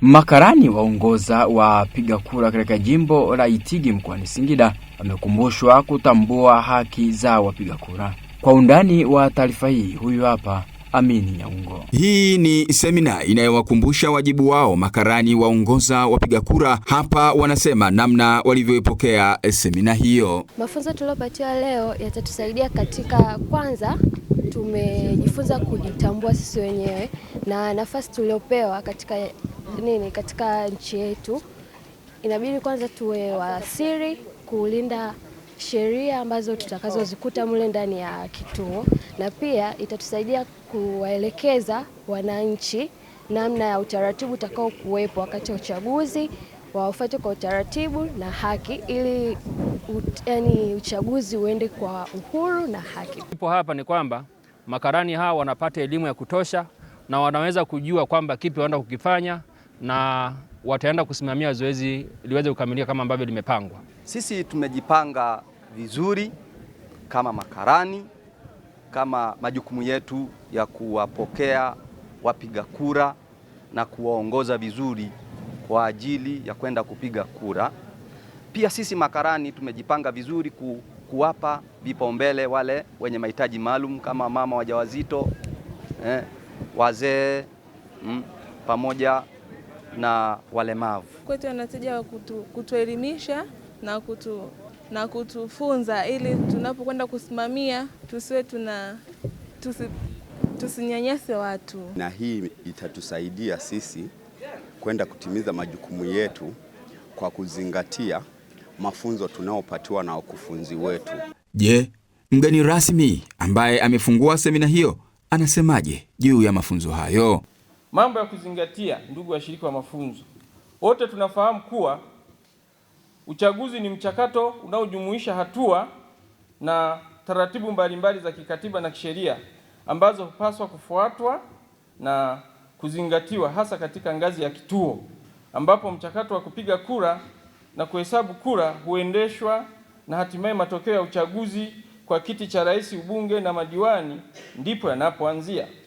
Makarani waongoza wapiga kura katika jimbo la Itigi mkoani Singida wamekumbushwa kutambua haki za wapiga kura. Kwa undani wa taarifa hii, huyu hapa Amini Nyaungo. Hii ni semina inayowakumbusha wajibu wao makarani waongoza wapiga kura. Hapa wanasema namna walivyoipokea semina hiyo. Mafunzo tuliyopatiwa leo yatatusaidia katika, kwanza tumejifunza kujitambua sisi wenyewe na nafasi tuliopewa katika nini katika nchi yetu, inabidi kwanza tuwe wasiri kulinda sheria ambazo tutakazozikuta mle ndani ya kituo, na pia itatusaidia kuwaelekeza wananchi namna ya utaratibu utakao kuwepo wakati wa uchaguzi, wafuate kwa utaratibu na haki ili ut, yani uchaguzi uende kwa uhuru na haki. Ipo hapa ni kwamba makarani hawa wanapata elimu ya kutosha na wanaweza kujua kwamba kipi wanaenda kukifanya na wataenda kusimamia zoezi liweze kukamilika kama ambavyo limepangwa. Sisi tumejipanga vizuri kama makarani, kama majukumu yetu ya kuwapokea wapiga kura na kuwaongoza vizuri kwa ajili ya kwenda kupiga kura. Pia sisi makarani tumejipanga vizuri ku, kuwapa vipaumbele wale wenye mahitaji maalum kama mama wajawazito, eh, wazee mm, pamoja na walemavu. Kwetu yanatija kutu, kutuelimisha na kutu, na kutufunza ili tunapokwenda kusimamia tusiwe tuna tusi, tusinyanyase watu, na hii itatusaidia sisi kwenda kutimiza majukumu yetu kwa kuzingatia mafunzo tunaopatiwa na wakufunzi wetu. Je, mgeni rasmi ambaye amefungua semina hiyo anasemaje juu ya mafunzo hayo? Mambo ya kuzingatia, ndugu washiriki wa mafunzo, wote tunafahamu kuwa uchaguzi ni mchakato unaojumuisha hatua na taratibu mbalimbali za kikatiba na kisheria ambazo hupaswa kufuatwa na kuzingatiwa hasa katika ngazi ya kituo ambapo mchakato wa kupiga kura na kuhesabu kura huendeshwa na hatimaye matokeo ya uchaguzi kwa kiti cha rais, ubunge na madiwani ndipo yanapoanzia.